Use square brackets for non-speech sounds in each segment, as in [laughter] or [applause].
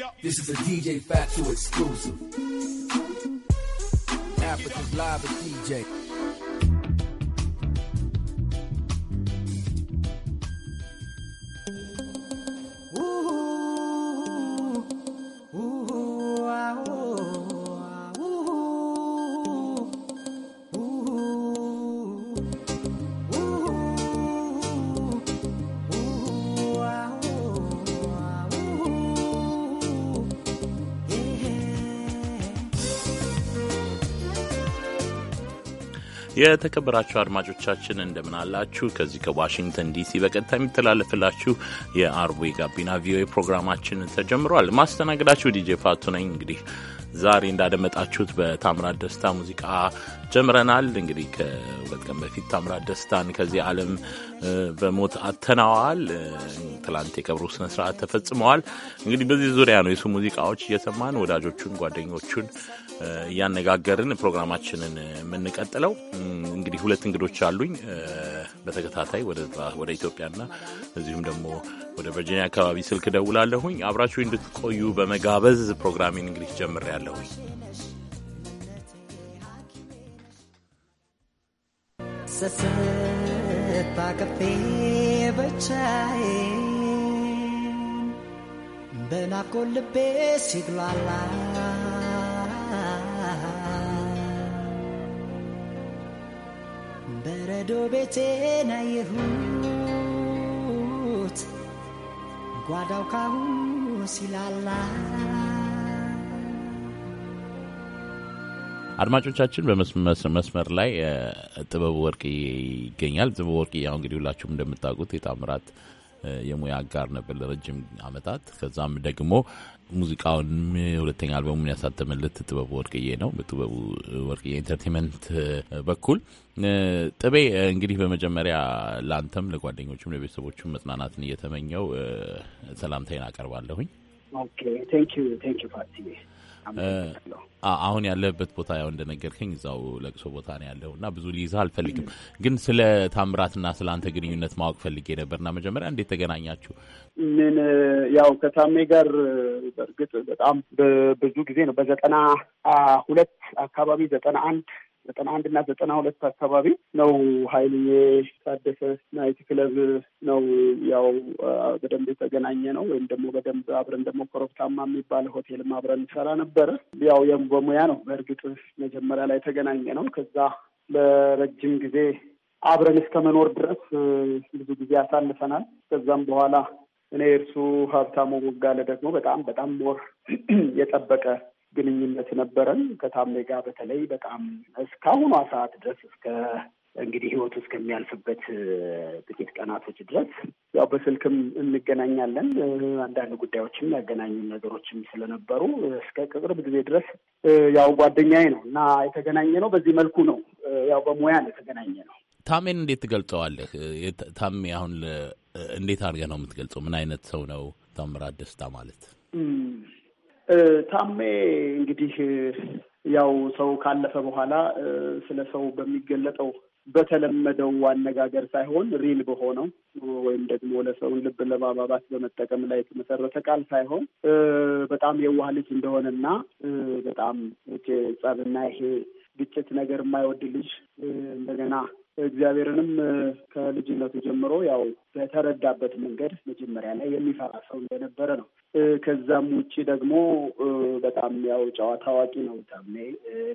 it up. This is a DJ Fatu exclusive. Africa's live with DJ. የተከበራችሁ አድማጮቻችን እንደምን አላችሁ? ከዚህ ከዋሽንግተን ዲሲ በቀጥታ የሚተላለፍላችሁ የአርቡ የጋቢና ቪኦኤ ፕሮግራማችን ተጀምሯል። ማስተናገዳችሁ ዲጄ ፋቱ ነኝ። እንግዲህ ዛሬ እንዳደመጣችሁት በታምራት ደስታ ሙዚቃ ጀምረናል። እንግዲህ ከሁለት ቀን በፊት ታምራት ደስታን ከዚህ ዓለም በሞት አተናዋል። ትላንት የቀብሩ ስነስርዓት ተፈጽመዋል። እንግዲህ በዚህ ዙሪያ ነው የሱ ሙዚቃዎች እየሰማን ወዳጆቹን ጓደኞቹን እያነጋገርን ፕሮግራማችንን የምንቀጥለው እንግዲህ ሁለት እንግዶች አሉኝ በተከታታይ ወደ ኢትዮጵያና እዚሁም ደግሞ ወደ ቨርጂኒያ አካባቢ ስልክ ደውላለሁኝ። አብራችሁ እንድትቆዩ በመጋበዝ ፕሮግራሜን እንግዲህ ጀምር ያለሁኝ ብቻዬን በናፍቆት ልቤ ሲግሏላ ባዶ ቤቴን አየሁት ጓዳው ካሁን ሲላላ። አድማጮቻችን በመስመር ላይ ጥበብ ወርቅ ይገኛል። ጥበብ ወርቅ ያው እንግዲህ ሁላችሁም እንደምታውቁት የታምራት የሙያ አጋር ነበር ለረጅም ዓመታት። ከዛም ደግሞ ሙዚቃውን ሁለተኛ አልበሙን ያሳተመለት ጥበቡ ወርቅዬ ነው። በጥበቡ ወርቅዬ ኢንተርቴንመንት በኩል ጥቤ እንግዲህ በመጀመሪያ ለአንተም ለጓደኞችም ለቤተሰቦችም መጽናናትን እየተመኘው ሰላምታዬን አቀርባለሁኝ። ቴንክ ዩ ቴንክ ዩ አሁን ያለበት ቦታ ያው እንደነገርከኝ እዛው ለቅሶ ቦታ ነው ያለው እና ብዙ ሊይዝህ አልፈልግም፣ ግን ስለ ታምራትና ስለ አንተ ግንኙነት ማወቅ ፈልጌ ነበርና መጀመሪያ እንዴት ተገናኛችሁ? ምን ያው ከታሜ ጋር በእርግጥ በጣም ብዙ ጊዜ ነው በዘጠና ሁለት አካባቢ ዘጠና አንድ ዘጠና አንድ እና ዘጠና ሁለት አካባቢ ነው ሀይልዬ ታደሰ ናይት ክለብ ነው ያው በደንብ የተገናኘ ነው። ወይም ደግሞ በደንብ አብረን ደግሞ ኮረብታማ የሚባል ሆቴልም አብረን እንሰራ ነበረ። ያው የም በሙያ ነው በእርግጥ መጀመሪያ ላይ የተገናኘ ነው። ከዛ ለረጅም ጊዜ አብረን እስከ መኖር ድረስ ብዙ ጊዜ አሳልፈናል። ከዛም በኋላ እኔ እርሱ ሀብታሙ ጋለ ደግሞ በጣም በጣም ሞር [clears throat] የጠበቀ ግንኙነት ነበረን ከታሜ ጋር በተለይ በጣም እስካሁኗ ሰዓት ድረስ እስከ እንግዲህ ህይወቱ እስከሚያልፍበት ጥቂት ቀናቶች ድረስ ያው በስልክም እንገናኛለን። አንዳንድ ጉዳዮችም ያገናኙ ነገሮችም ስለነበሩ እስከ ቅርብ ጊዜ ድረስ ያው ጓደኛዬ ነው እና የተገናኘ ነው። በዚህ መልኩ ነው ያው በሙያ ነው የተገናኘ ነው። ታሜን እንዴት ትገልጸዋለህ? ታሜ አሁን እንዴት አድርገህ ነው የምትገልጸው? ምን አይነት ሰው ነው ታምራት ደስታ ማለት? ታሜ እንግዲህ ያው ሰው ካለፈ በኋላ ስለ ሰው በሚገለጠው በተለመደው አነጋገር ሳይሆን ሪል በሆነው ወይም ደግሞ ለሰውን ልብ ለማባባት በመጠቀም ላይ የተመሰረተ ቃል ሳይሆን በጣም የዋህ ልጅ እንደሆነና በጣም ጸብና ይሄ ግጭት ነገር የማይወድ ልጅ እንደገና እግዚአብሔርንም ከልጅነቱ ጀምሮ ያው በተረዳበት መንገድ መጀመሪያ ላይ የሚፈራ ሰው እንደነበረ ነው። ከዛም ውጭ ደግሞ በጣም ያው ጨዋታ አዋቂ ነው። ታሜ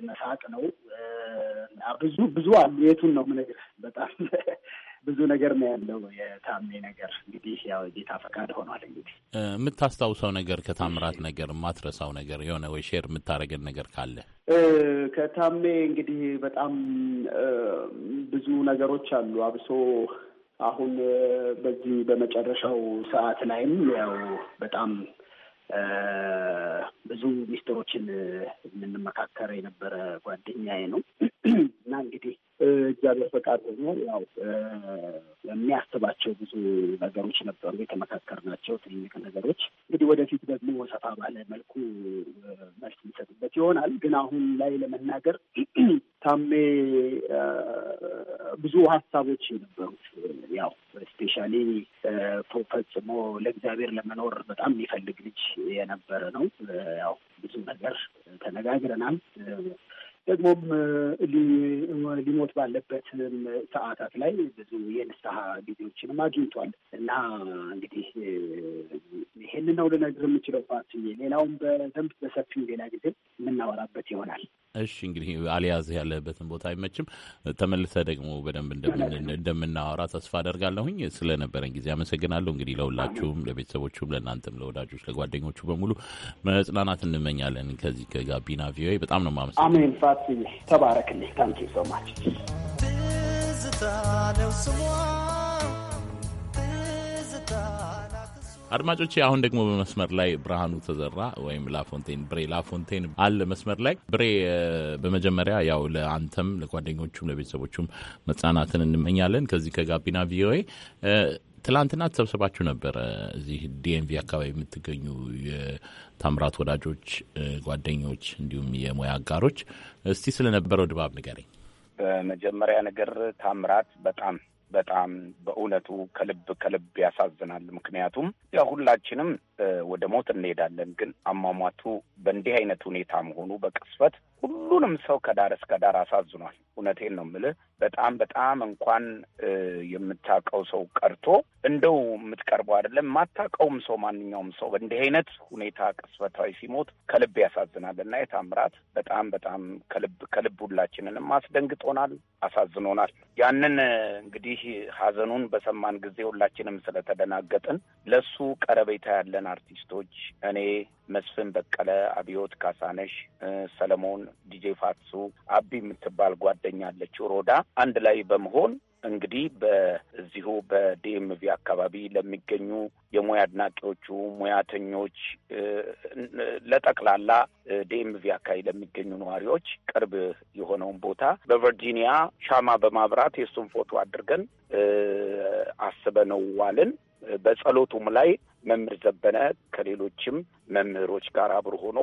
መሳቅ ነው። ብዙ ብዙ አሉ። የቱን ነው የምነግርህ? በጣም ብዙ ነገር ነው ያለው የታሜ ነገር። እንግዲህ ያው ጌታ ፈቃድ ሆኗል። እንግዲህ የምታስታውሰው ነገር ከታምራት ነገር የማትረሳው ነገር የሆነ ወይ ሼር የምታደርገን ነገር ካለ ከታሜ እንግዲህ በጣም ብዙ ነገሮች አሉ። አብሶ አሁን በዚህ በመጨረሻው ሰዓት ላይም ያው በጣም ብዙ ሚስጥሮችን የምንመካከር የነበረ ጓደኛዬ ነው [clears throat] እና እንግዲህ እግዚአብሔር ፈቃድ ሆኖ ያው የሚያስባቸው ብዙ ነገሮች ነበሩ፣ የተመካከርናቸው ትልቅ ነገሮች። እንግዲህ ወደፊት ደግሞ ሰፋ ባለ መልኩ መልስ የሚሰጥበት ይሆናል። ግን አሁን ላይ ለመናገር [clears throat] ታሜ ብዙ ሀሳቦች የነበሩት ያው ስፔሻሊ ፈጽሞ ለእግዚአብሔር ለመኖር በጣም የሚፈልግ ልጅ የነበረ ነው። ያው ብዙ ነገር ተነጋግረናል። ደግሞም ሊሞት ባለበት ሰዓታት ላይ ብዙ የንስሐ ጊዜዎችንም አግኝቷል እና እንግዲህ ይሄን ነው ልነግር የምችለው ፓርቲ። ሌላውን በደንብ በሰፊው ሌላ ጊዜ የምናወራበት ይሆናል። እሺ እንግዲህ አልያዝ ያለበትን ቦታ አይመችም። ተመልሰ ደግሞ በደንብ እንደምናወራ ተስፋ አደርጋለሁኝ። ስለነበረን ጊዜ አመሰግናለሁ። እንግዲህ ለሁላችሁም፣ ለቤተሰቦችም ለእናንተም፣ ለወዳጆች፣ ለጓደኞቹ በሙሉ መጽናናት እንመኛለን። ከዚህ ከጋቢና ቪኦኤ በጣም ነው ማመስ አሜን። ፋት ተባረክልኝ። ታንኪ ሶማች አድማጮቼ አሁን ደግሞ በመስመር ላይ ብርሃኑ ተዘራ ወይም ላፎንቴን ብሬ ላፎንቴን አለ መስመር ላይ ብሬ። በመጀመሪያ ያው ለአንተም ለጓደኞቹም ለቤተሰቦቹም መጽናናትን እንመኛለን ከዚህ ከጋቢና ቪኦኤ። ትላንትና ተሰብሰባችሁ ነበረ እዚህ ዲኤንቪ አካባቢ የምትገኙ የታምራት ወዳጆች፣ ጓደኞች እንዲሁም የሙያ አጋሮች። እስቲ ስለነበረው ድባብ ንገረኝ። በመጀመሪያ ነገር ታምራት በጣም በጣም በእውነቱ ከልብ ከልብ ያሳዝናል። ምክንያቱም ያ ሁላችንም ወደ ሞት እንሄዳለን። ግን አሟሟቱ በእንዲህ አይነት ሁኔታ መሆኑ በቅስፈት ሁሉንም ሰው ከዳር እስከ ዳር አሳዝኗል። እውነቴን ነው የምልህ። በጣም በጣም እንኳን የምታውቀው ሰው ቀርቶ እንደው የምትቀርበው አይደለም የማታውቀውም ሰው ማንኛውም ሰው በእንዲህ አይነት ሁኔታ ቅስፈታዊ ሲሞት ከልብ ያሳዝናል እና የታምራት በጣም በጣም ከልብ ከልብ ሁላችንንም አስደንግጦናል፣ አሳዝኖናል። ያንን እንግዲህ ሀዘኑን በሰማን ጊዜ ሁላችንም ስለተደናገጥን ለሱ ቀረቤታ ያለን አርቲስቶች እኔ መስፍን በቀለ፣ አብዮት ካሳነሽ፣ ሰለሞን ዲጄ ፋትሱ አቢ የምትባል ጓደኛ አለች ሮዳ አንድ ላይ በመሆን እንግዲህ በዚሁ በዲኤምቪ አካባቢ ለሚገኙ የሙያ አድናቂዎቹ ሙያተኞች፣ ለጠቅላላ ዲኤምቪ አካባቢ ለሚገኙ ነዋሪዎች ቅርብ የሆነውን ቦታ በቨርጂኒያ ሻማ በማብራት የእሱን ፎቶ አድርገን አስበነው ዋልን። በጸሎቱም ላይ መምህር ዘበነ ከሌሎችም መምህሮች ጋር አብሮ ሆኖ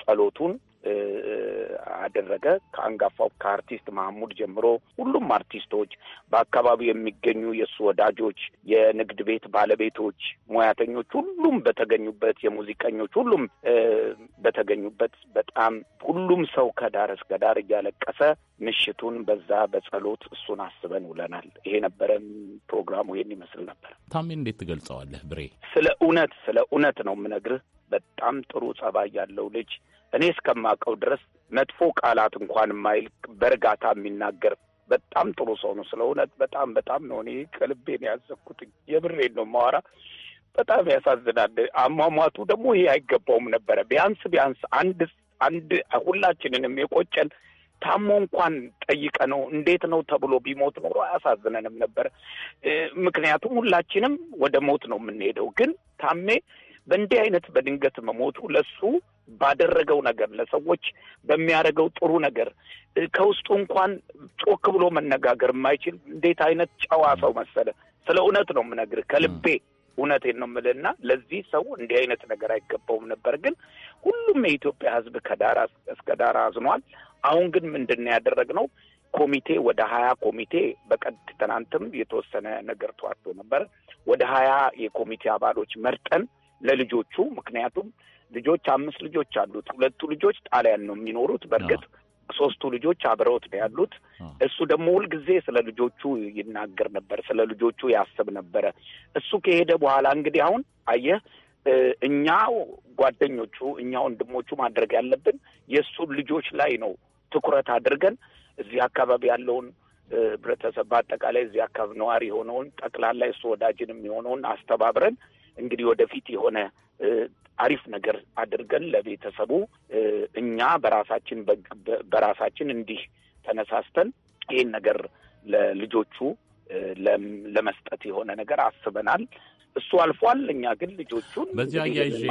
ጸሎቱን Uh. uh አደረገ። ከአንጋፋው ከአርቲስት መሐሙድ ጀምሮ ሁሉም አርቲስቶች፣ በአካባቢው የሚገኙ የእሱ ወዳጆች፣ የንግድ ቤት ባለቤቶች፣ ሙያተኞች ሁሉም በተገኙበት የሙዚቀኞች ሁሉም በተገኙበት በጣም ሁሉም ሰው ከዳር እስከ ዳር እያለቀሰ ምሽቱን በዛ በጸሎት እሱን አስበን ውለናል። ይሄ ነበረን ፕሮግራሙ ይሄን ይመስል ነበር። ታሜ እንዴት ትገልጸዋለህ? ብሬ ስለ እውነት ስለ እውነት ነው የምነግርህ። በጣም ጥሩ ጸባይ ያለው ልጅ እኔ እስከማውቀው ድረስ መ መጥፎ ቃላት እንኳን የማይል በእርጋታ የሚናገር በጣም ጥሩ ሰው ነው። ስለ እውነት በጣም በጣም ነው እኔ ከልቤን ያዘኩት የብሬን ነው ማዋራ። በጣም ያሳዝናል። አሟሟቱ ደግሞ ይሄ አይገባውም ነበረ። ቢያንስ ቢያንስ አንድ አንድ ሁላችንንም የቆጨን ታሞ እንኳን ጠይቀ ነው እንዴት ነው ተብሎ ቢሞት ኖሮ አያሳዝነንም ነበር። ምክንያቱም ሁላችንም ወደ ሞት ነው የምንሄደው። ግን ታሜ በእንዲህ አይነት በድንገት መሞቱ ለሱ ባደረገው ነገር ለሰዎች በሚያደርገው ጥሩ ነገር ከውስጡ እንኳን ጮክ ብሎ መነጋገር የማይችል እንዴት አይነት ጨዋ ሰው መሰለ። ስለ እውነት ነው የምነግርህ ከልቤ እውነቴን ነው የምልህና ለዚህ ሰው እንዲህ አይነት ነገር አይገባውም ነበር። ግን ሁሉም የኢትዮጵያ ሕዝብ ከዳር እስከ ዳር አዝኗል። አሁን ግን ምንድን ነው ያደረግነው? ኮሚቴ ወደ ሀያ ኮሚቴ በቀድ ትናንትም የተወሰነ ነገር ተዋርቶ ነበር። ወደ ሀያ የኮሚቴ አባሎች መርጠን ለልጆቹ ምክንያቱም ልጆች አምስት ልጆች አሉት። ሁለቱ ልጆች ጣሊያን ነው የሚኖሩት። በእርግጥ ሶስቱ ልጆች አብረውት ነው ያሉት። እሱ ደግሞ ሁልጊዜ ስለ ልጆቹ ይናገር ነበር፣ ስለ ልጆቹ ያስብ ነበረ። እሱ ከሄደ በኋላ እንግዲህ አሁን አየህ እኛ ጓደኞቹ፣ እኛ ወንድሞቹ ማድረግ ያለብን የእሱ ልጆች ላይ ነው ትኩረት አድርገን እዚህ አካባቢ ያለውን ህብረተሰብ በአጠቃላይ እዚህ አካባቢ ነዋሪ የሆነውን ጠቅላላ የእሱ ወዳጅንም የሆነውን አስተባብረን እንግዲህ ወደፊት የሆነ አሪፍ ነገር አድርገን ለቤተሰቡ እኛ በራሳችን በራሳችን እንዲህ ተነሳስተን ይህን ነገር ለልጆቹ ለመስጠት የሆነ ነገር አስበናል። እሱ አልፏል። እኛ ግን ልጆቹን በዚሁ አያይዤ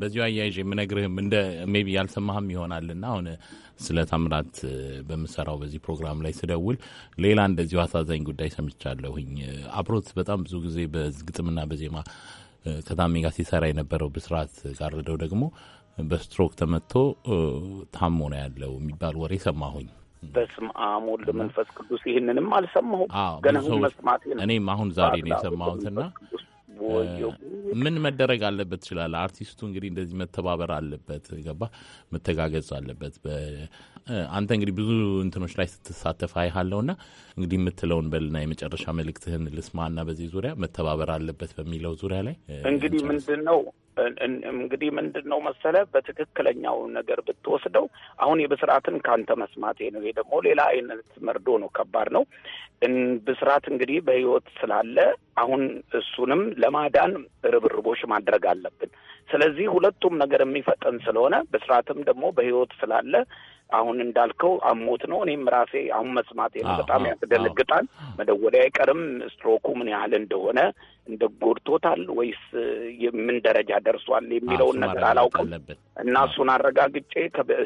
በዚሁ አያይዤ የምነግርህም እንደ ሜቢ ያልሰማህም ይሆናልና አሁን ስለ ታምራት በምሰራው በዚህ ፕሮግራም ላይ ስደውል ሌላ እንደዚሁ አሳዛኝ ጉዳይ ሰምቻለሁኝ። አብሮት በጣም ብዙ ጊዜ በግጥምና በዜማ ከታሜ ጋር ሲሰራ የነበረው ብስራት ጋርደው ደግሞ በስትሮክ ተመቶ ታሞ ነው ያለው የሚባል ወሬ ሰማሁኝ። በስም አሞል መንፈስ ቅዱስ። ይህንንም አልሰማሁም ገና መስማቴ ነው። እኔም አሁን ዛሬ ነው የሰማሁትና ምን መደረግ አለበት ይችላል። አርቲስቱ እንግዲህ እንደዚህ መተባበር አለበት፣ ገባ መተጋገጽ አለበት። አንተ እንግዲህ ብዙ እንትኖች ላይ ስትሳተፍ አይሃለው ና እንግዲህ የምትለውን በልና የመጨረሻ መልእክትህን ልስማና በዚህ ዙሪያ መተባበር አለበት በሚለው ዙሪያ ላይ እንግዲህ ምንድን ነው እንግዲህ ምንድን ነው መሰለ በትክክለኛው ነገር ብትወስደው አሁን የብስራትን ካንተ መስማቴ ነው። ይሄ ደግሞ ሌላ አይነት መርዶ ነው። ከባድ ነው። ብስራት እንግዲህ በህይወት ስላለ አሁን እሱንም ለማዳን ርብርቦች ማድረግ አለብን። ስለዚህ ሁለቱም ነገር የሚፈጠን ስለሆነ ብስራትም ደግሞ በህይወት ስላለ አሁን እንዳልከው አሞት ነው። እኔም ራሴ አሁን መስማቴ ነው። በጣም ያስደነግጣል። መደወሌ አይቀርም ስትሮኩ ምን ያህል እንደሆነ እንደ ጎድቶታል ወይስ ምን ደረጃ ደርሷል የሚለውን ነገር አላውቅም እና እሱን አረጋግጬ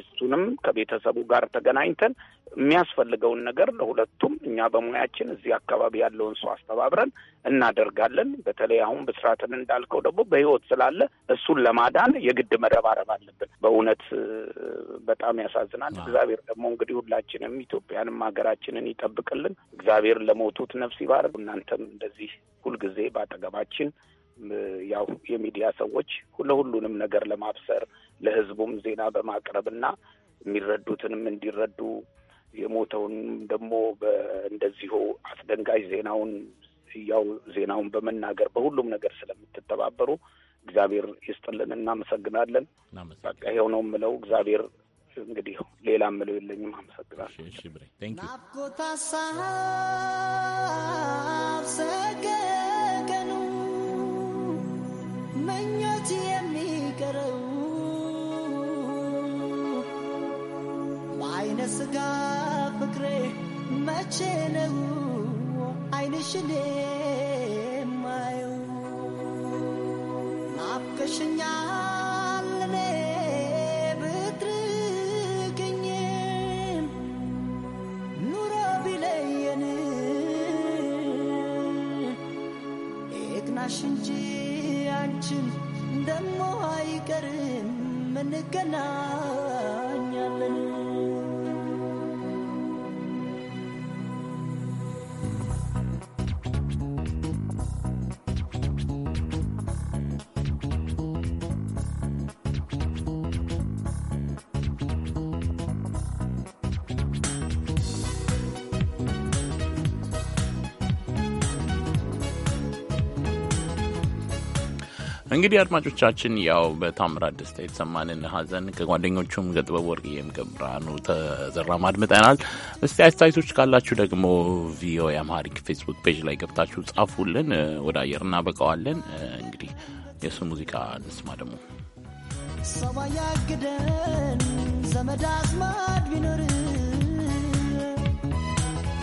እሱንም ከቤተሰቡ ጋር ተገናኝተን የሚያስፈልገውን ነገር ለሁለቱም እኛ በሙያችን እዚህ አካባቢ ያለውን ሰው አስተባብረን እናደርጋለን። በተለይ አሁን ብስራትን እንዳልከው ደግሞ በህይወት ስላለ እሱን ለማዳን የግድ መረባረብ አለብን። በእውነት በጣም ያሳዝናል። እግዚአብሔር ደግሞ እንግዲህ ሁላችንም ኢትዮጵያንም ሀገራችንን ይጠብቅልን። እግዚአብሔር ለሞቱት ነፍስ ይባርክ። እናንተም እንደዚህ ሁልጊዜ አጠገባችን ያው የሚዲያ ሰዎች ለሁሉንም ነገር ለማብሰር ለህዝቡም ዜና በማቅረብና የሚረዱትንም እንዲረዱ የሞተውን ደግሞ እንደዚሁ አስደንጋጭ ዜናውን ያው ዜናውን በመናገር በሁሉም ነገር ስለምትተባበሩ እግዚአብሔር ይስጥልን፣ እናመሰግናለን። በቃ ይኸው ነው የምለው። እግዚአብሔር እንግዲህ ሌላ የምለው የለኝም። አመሰግናለሁ። ሽን ማዩ ናፍቀሽኛል እኔ ብትርቅኝም ኑሮ ቢለየን ይቅናሽ እንጂ ደሞ አይቀርም ምንገና እንግዲህ አድማጮቻችን ያው በታምራት ደስታ የተሰማንን ሀዘን ከጓደኞቹም ከጥበብ ወርቅዬም ከብርሃኑ ተዘራ ማድምጠናል። እስቲ አስተያየቶች ካላችሁ ደግሞ ቪኦኤ አማሪክ ፌስቡክ ፔጅ ላይ ገብታችሁ ጻፉልን፣ ወደ አየር እናበቀዋለን። እንግዲህ የእሱ ሙዚቃ እንስማ ደግሞ ሰባ ያግደን ዘመድ አዝማድ ቢኖር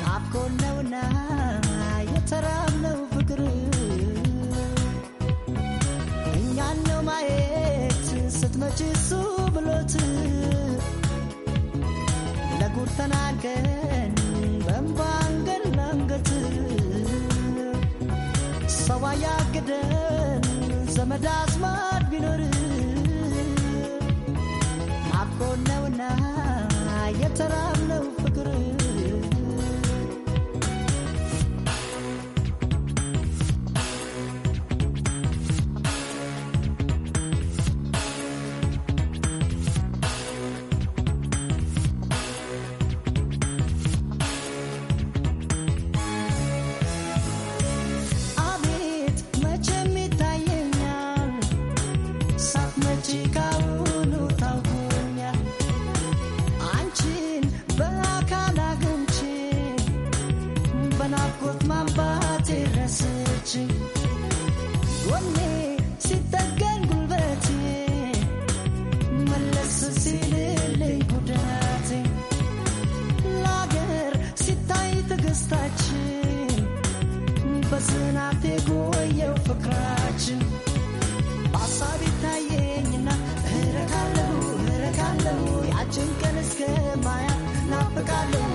ናፍቆ ነውና የተራ አንቺ ብሎት ለጉር ተናገን በእንባ አንገት ሰው አያግደን ዘመድ አዝማድ sacarlo.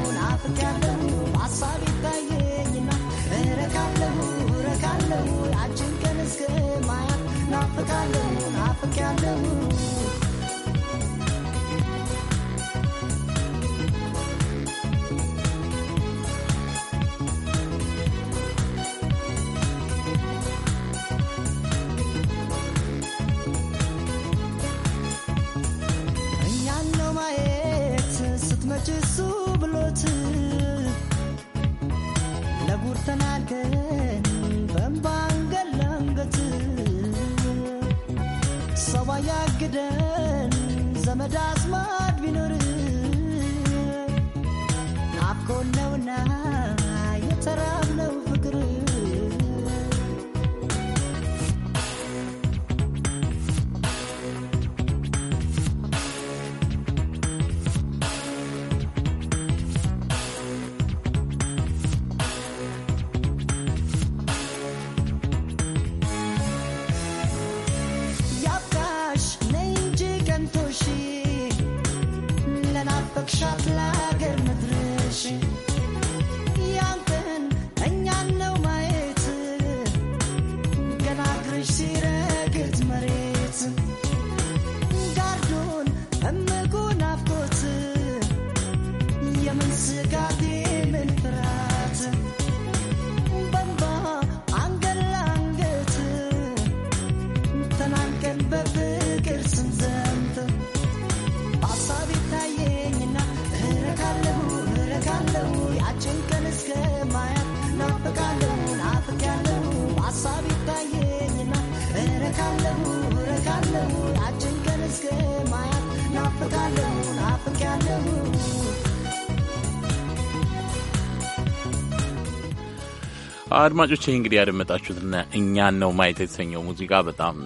አድማጮች ይህ እንግዲህ ያደመጣችሁትና እኛን ነው ማየት የተሰኘው ሙዚቃ በጣም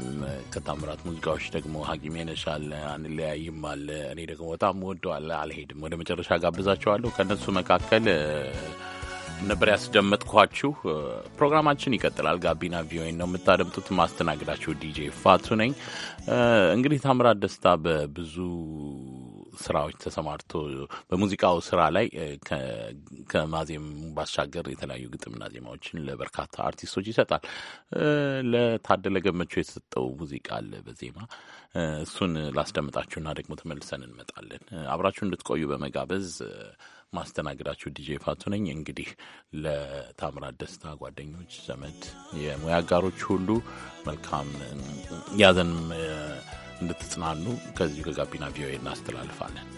ከታምራት ሙዚቃዎች ደግሞ ሀኪም ሄነሽ አለ፣ አንለያይም አለ። እኔ ደግሞ በጣም ወደዋለ አልሄድም ወደ መጨረሻ ጋብዛቸዋለሁ። ከእነሱ መካከል ነበር ያስደመጥኳችሁ። ፕሮግራማችን ይቀጥላል። ጋቢና ቪኦኤ ነው የምታደምጡት። ማስተናግዳችሁ ዲጄ ፋቱ ነኝ። እንግዲህ ታምራት ደስታ በብዙ ስራዎች ተሰማርቶ በሙዚቃው ስራ ላይ ከማዜም ባሻገር የተለያዩ ግጥምና ዜማዎችን ለበርካታ አርቲስቶች ይሰጣል። ለታደለ ገመቹ የተሰጠው ሙዚቃ አለ በዜማ እሱን ላስደምጣችሁና ደግሞ ተመልሰን እንመጣለን። አብራችሁ እንድትቆዩ በመጋበዝ ማስተናግዳችሁ ዲጄ ፋቱ ነኝ። እንግዲህ ለታምራት ደስታ ጓደኞች፣ ዘመድ፣ የሙያ አጋሮች ሁሉ መልካም ያዘን እንድትጽናኑ ከዚሁ ከጋቢና ቪኦኤ እናስተላልፋለን።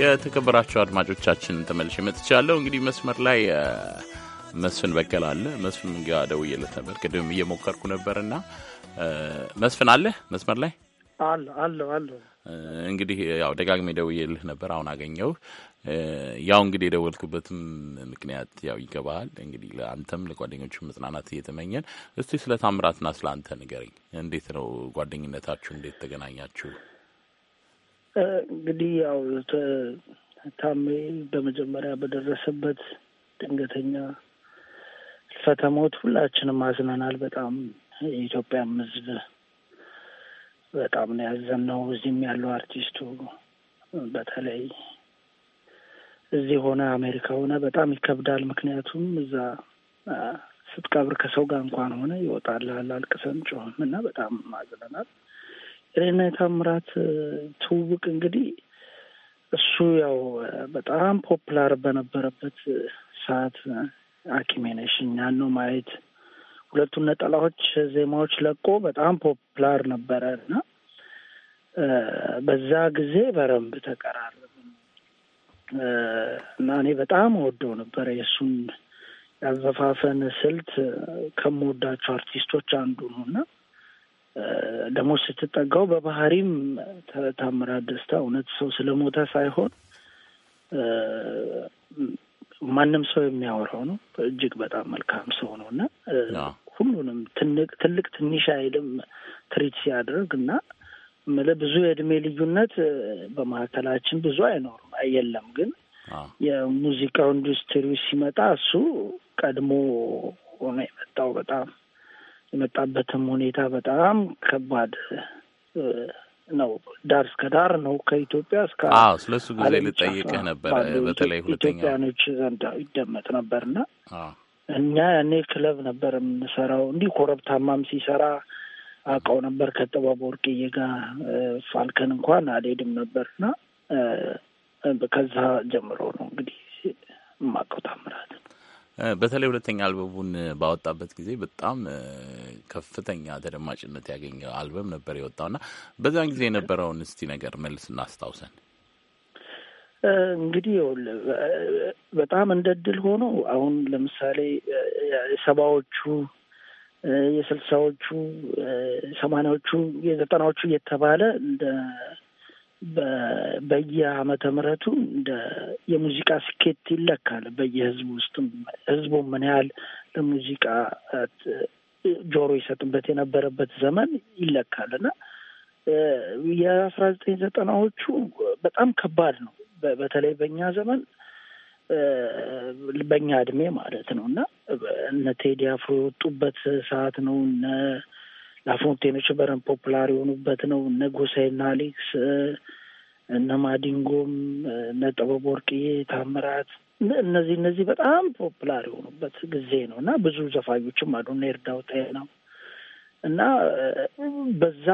የተከበራቸው አድማጮቻችን ተመልሼ መጥቻለሁ። እንግዲህ መስመር ላይ መስፍን በቀለ አለ። መስፍን ጋ ደውዬለት ነበር ቅድም እየሞከርኩ ነበርና መስፍን አለ መስመር ላይ አለ አለ አለ። እንግዲህ ያው ደጋግሜ ደውዬልህ ነበር፣ አሁን አገኘው። ያው እንግዲህ የደወልኩበትም ምክንያት ያው ይገባሃል። እንግዲህ ለአንተም ለጓደኞቹ መጽናናት እየተመኘን እስቲ ስለ ታምራትና ስለ አንተ ንገረኝ። እንዴት ነው ጓደኝነታችሁ? እንዴት ተገናኛችሁ? እንግዲህ ያው ታሜ በመጀመሪያ በደረሰበት ድንገተኛ ሕልፈተ ሞት ሁላችንም አዝነናል። በጣም የኢትዮጵያም ሕዝብ በጣም ነው ያዘንነው። እዚህም ያለው አርቲስቱ በተለይ እዚህ ሆነ አሜሪካ ሆነ በጣም ይከብዳል። ምክንያቱም እዛ ስትቀብር ከሰው ጋር እንኳን ሆነ ይወጣልሃል አልቅሰን ጮህም እና በጣም አዝነናል። እኔና የታምራት ትውውቅ እንግዲህ እሱ ያው በጣም ፖፕላር በነበረበት ሰዓት ሐኪሜ ነሽ እኛን ነው ማየት ሁለቱን ነጠላዎች ዜማዎች ለቆ በጣም ፖፕላር ነበረ እና በዛ ጊዜ በረንብ ተቀራረብን እና እኔ በጣም ወደው ነበረ። የእሱን ያዘፋፈን ስልት ከምወዳቸው አርቲስቶች አንዱ ነው እና ደግሞ ስትጠጋው በባህሪም ታምራት ደስታ እውነት ሰው ስለሞተ ሳይሆን ማንም ሰው የሚያወራው ነው። እጅግ በጣም መልካም ሰው ነው እና ሁሉንም ትንቅ ትልቅ ትንሽ አይልም ትሪት ሲያደርግ እና የምልህ ብዙ የእድሜ ልዩነት በመካከላችን ብዙ አይኖርም የለም። ግን የሙዚቃው ኢንዱስትሪ ሲመጣ እሱ ቀድሞ ሆነ የመጣው በጣም የመጣበትም ሁኔታ በጣም ከባድ ነው። ዳር እስከ ዳር ነው። ከኢትዮጵያ እስከ አዎ፣ ስለ እሱ ጉዳይ ልጠይቅህ ነበር። በተለይ ኢትዮጵያኖች ዘንድ ይደመጥ ነበርና እኛ ያኔ ክለብ ነበር የምንሰራው። እንዲህ ኮረብታማም ሲሰራ አውቀው ነበር ከጥበብ ወርቅዬ ጋር ፋልከን እንኳን አልሄድም ነበርና ከዛ ጀምሮ ነው እንግዲህ የማውቀው ታምራት ነው። በተለይ ሁለተኛ አልበሙን ባወጣበት ጊዜ በጣም ከፍተኛ ተደማጭነት ያገኘ አልበም ነበር የወጣው ና በዛን ጊዜ የነበረውን እስቲ ነገር መልስ እናስታውሰን። እንግዲህ በጣም እንደ እድል ሆኖ አሁን ለምሳሌ የሰባዎቹ የስልሳዎቹ ሰማንያዎቹ የዘጠናዎቹ እየተባለ እንደ በየአመተ ምሕረቱ እንደ የሙዚቃ ስኬት ይለካል። በየህዝቡ ውስጥም ህዝቡ ምን ያህል ለሙዚቃ ጆሮ ይሰጥበት የነበረበት ዘመን ይለካል እና የአስራ ዘጠኝ ዘጠናዎቹ በጣም ከባድ ነው። በተለይ በእኛ ዘመን በእኛ እድሜ ማለት ነው እና እነ ቴዲ አፍሮ የወጡበት ሰዓት ነው እነ ላፎንቴኖች በረን ፖፑላር የሆኑበት ነው። እነ ጎሳይና አሌክስ እነ ማዲንጎም እነ ጥበብ ወርቅዬ ታምራት እነዚህ እነዚህ በጣም ፖፑላር የሆኑበት ጊዜ ነው እና ብዙ ዘፋኞችም አሉ እነ ይርዳው ነው እና በዛ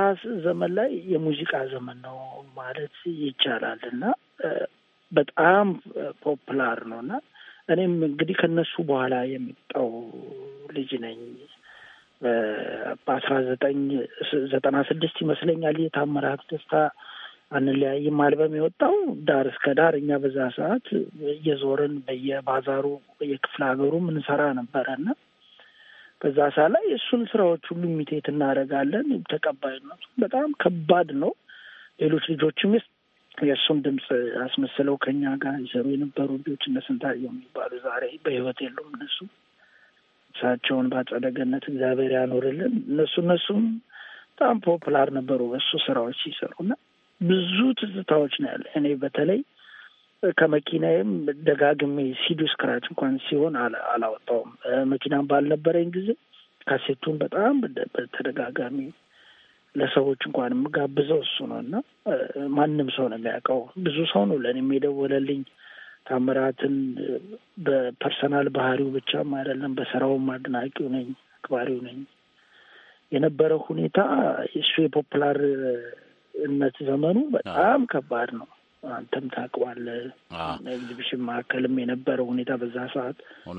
ዘመን ላይ የሙዚቃ ዘመን ነው ማለት ይቻላል እና በጣም ፖፑላር ነው እና እኔም እንግዲህ ከነሱ በኋላ የመጣው ልጅ ነኝ። በአስራ ዘጠኝ ዘጠና ስድስት ይመስለኛል የታምራት ደስታ አንለያይም አልበም የወጣው ዳር እስከ ዳር እኛ በዛ ሰዓት እየዞርን በየባዛሩ በየክፍለ ሀገሩ ምንሰራ ነበረና በዛ ሰዓት ላይ እሱን ስራዎች ሁሉ ሚቴት እናደርጋለን። ተቀባይነቱ በጣም ከባድ ነው። ሌሎች ልጆችም የእሱን ድምፅ አስመስለው ከኛ ጋር ይሰሩ የነበሩ ልጆች እነ ስንታየው የሚባሉ ዛሬ በህይወት የሉም እነሱ እሳቸውን በአጸደ ገነት እግዚአብሔር ያኖርልን። እነሱ እነሱም በጣም ፖፕላር ነበሩ በሱ ስራዎች ሲሰሩና ብዙ ትዝታዎች ነው ያለ። እኔ በተለይ ከመኪናዬም ደጋግሜ ሲዱ ስክራች እንኳን ሲሆን አላወጣውም። መኪናም ባልነበረኝ ጊዜ ካሴቱን በጣም በተደጋጋሚ ለሰዎች እንኳን የምጋብዘው እሱ ነው እና ማንም ሰው ነው የሚያውቀው። ብዙ ሰው ነው ለእኔ የደወለልኝ ታምራትን በፐርሰናል ባህሪው ብቻም አይደለም በስራውም አድናቂው ነኝ፣ አክባሪው ነኝ። የነበረው ሁኔታ እሱ የፖፕላር እነት ዘመኑ በጣም ከባድ ነው። አንተም ታውቀዋለህ። ኤግዚቢሽን ማዕከልም የነበረው ሁኔታ በዛ ሰዓት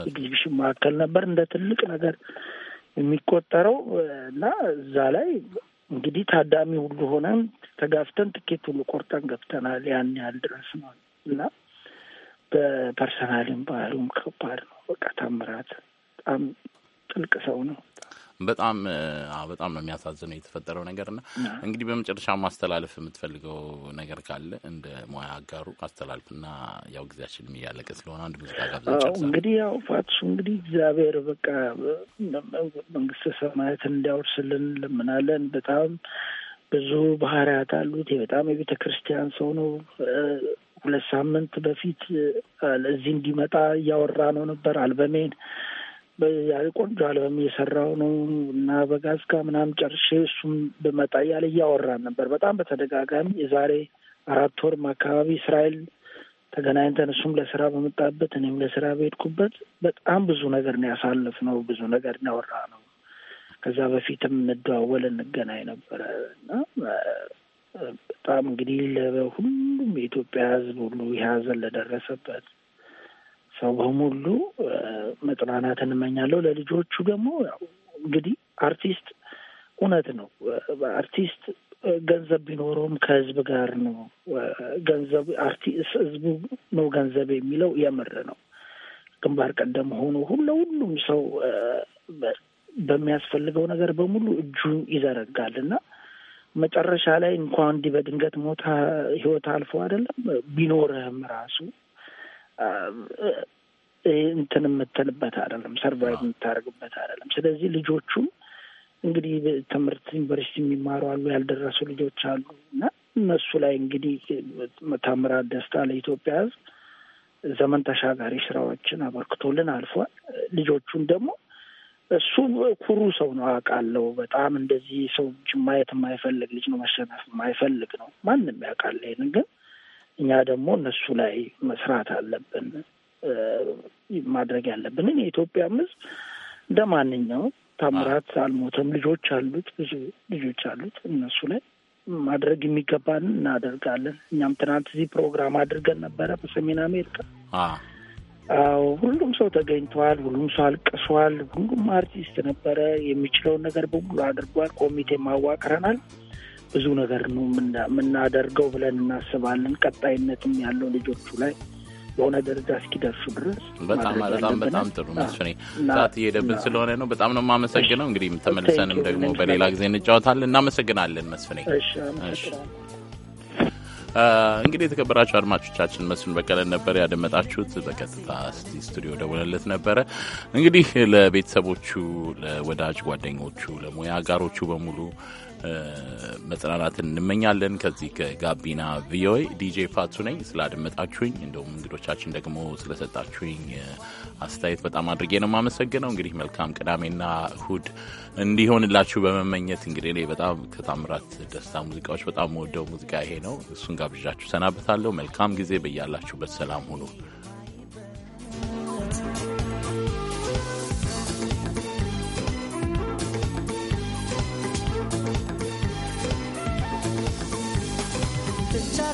ኤግዚቢሽን ማዕከል ነበር እንደ ትልቅ ነገር የሚቆጠረው እና እዛ ላይ እንግዲህ ታዳሚ ሁሉ ሆነን ተጋፍተን ትኬት ሁሉ ቆርጠን ገብተናል። ያን ያህል ድረስ ነው እና በፐርሰናልም ባህሉም ከባድ ነው። በቃ ታምራት በጣም ጥልቅ ሰው ነው። በጣም በጣም ነው የሚያሳዝነው የተፈጠረው ነገር እና እንግዲህ በመጨረሻ ማስተላለፍ የምትፈልገው ነገር ካለ እንደ ሙያ አጋሩ አስተላልፍና ያው ጊዜያችን እያለቀ ስለሆነ አንድ ሙዚቃ ጋብዛቸው። እንግዲህ ያው ፋትሱ እንግዲህ እግዚአብሔር በቃ መንግስተ ሰማያትን እንዲያወርስልን ልምናለን። በጣም ብዙ ባህሪያት አሉት። በጣም የቤተ ክርስቲያን ሰው ነው። ሁለት ሳምንት በፊት እዚህ እንዲመጣ እያወራ ነው ነበር። አልበሜን ቆንጆ አልበም እየሰራው ነው እና በጋዝካ ጋ ምናምን ጨርሼ እሱም ብመጣ እያለ እያወራን ነበር በጣም በተደጋጋሚ የዛሬ አራት ወርም አካባቢ እስራኤል ተገናኝተን እሱም ለስራ በመጣበት እኔም ለስራ በሄድኩበት በጣም ብዙ ነገር ነው ያሳልፍ ነው ብዙ ነገር ያወራ ነው። ከዛ በፊትም እንደዋወል እንገናኝ ነበረ እና በጣም እንግዲህ ለሁሉም የኢትዮጵያ ሕዝብ ሁሉ የሀዘን ለደረሰበት ሰው በሙሉ መጽናናትን እመኛለሁ። ለልጆቹ ደግሞ እንግዲህ አርቲስት እውነት ነው። አርቲስት ገንዘብ ቢኖረውም ከህዝብ ጋር ነው። ገንዘብ አርቲስት ህዝቡ ነው ገንዘብ የሚለው የምር ነው። ግንባር ቀደም ሆኖ ሁለሁሉም ሰው በሚያስፈልገው ነገር በሙሉ እጁ ይዘረጋል እና መጨረሻ ላይ እንኳን እንዲህ በድንገት ሞታ ህይወት አልፎ አይደለም ቢኖርህም ራሱ እንትን የምትልበት አይደለም፣ ሰርቫይቭ የምታደርግበት አይደለም። ስለዚህ ልጆቹም እንግዲህ ትምህርት ዩኒቨርሲቲ የሚማሩ አሉ፣ ያልደረሱ ልጆች አሉ እና እነሱ ላይ እንግዲህ ታምራት ደስታ ለኢትዮጵያ ህዝብ ዘመን ተሻጋሪ ስራዎችን አበርክቶልን አልፏል። ልጆቹን ደግሞ እሱ ኩሩ ሰው ነው አውቃለሁ። በጣም እንደዚህ ሰው ማየት የማይፈልግ ልጅ ነው፣ መሸነፍ የማይፈልግ ነው። ማንም ያውቃል ይሄንን። ግን እኛ ደግሞ እነሱ ላይ መስራት አለብን። ማድረግ ያለብንን የኢትዮጵያ ሕዝብ እንደ ማንኛውም ታምራት አልሞተም፣ ልጆች አሉት፣ ብዙ ልጆች አሉት። እነሱ ላይ ማድረግ የሚገባን እናደርጋለን። እኛም ትናንት እዚህ ፕሮግራም አድርገን ነበረ በሰሜን አሜሪካ ሁሉም ሰው ተገኝተዋል። ሁሉም ሰው አልቅሷል። ሁሉም አርቲስት ነበረ። የሚችለውን ነገር በሙሉ አድርጓል። ኮሚቴ ማዋቅረናል። ብዙ ነገር ነው የምናደርገው ብለን እናስባለን። ቀጣይነትም ያለው ልጆቹ ላይ በሆነ ደረጃ እስኪደርሱ ድረስ በጣም በጣም በጣም ጥሩ መስፍኔ፣ ሰዓት እየሄደብን ስለሆነ ነው። በጣም ነው የማመሰግነው። እንግዲህ ተመልሰንም ደግሞ በሌላ ጊዜ እንጫወታለን። እናመሰግናለን መስፍኔ። እንግዲህ የተከበራችሁ አድማጮቻችን መስፍን በቀለን ነበር ያደመጣችሁት። በቀጥታ ስቱዲዮ ደውለለት ነበረ። እንግዲህ ለቤተሰቦቹ፣ ለወዳጅ ጓደኞቹ፣ ለሙያ አጋሮቹ በሙሉ መጽናናትን እንመኛለን። ከዚህ ከጋቢና ቪኦኤ ዲጄ ፋቱ ነኝ። ስላደመጣችሁኝ፣ እንደውም እንግዶቻችን ደግሞ ስለሰጣችሁኝ አስተያየት በጣም አድርጌ ነው የማመሰግነው። እንግዲህ መልካም ቅዳሜና እሁድ እንዲሆንላችሁ በመመኘት እንግዲህ እኔ በጣም ከታምራት ደስታ ሙዚቃዎች በጣም ወደው ሙዚቃ ይሄ ነው። እሱን ጋብዣችሁ ሰናበታለሁ። መልካም ጊዜ፣ በያላችሁበት ሰላም ሁኑ።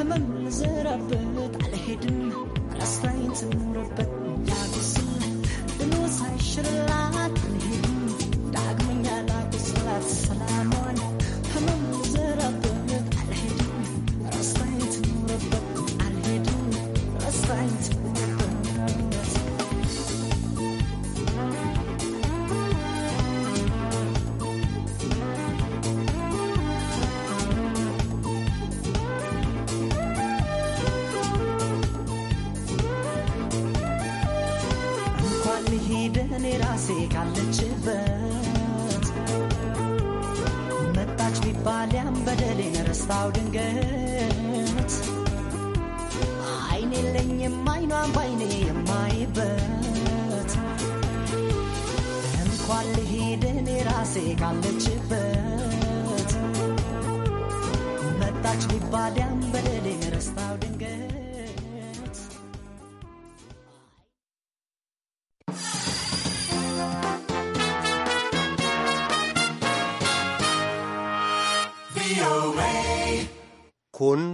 ህመም ልዝራበት አልሄድም ራስታይን ትኑርበት ያጉስ ብሎ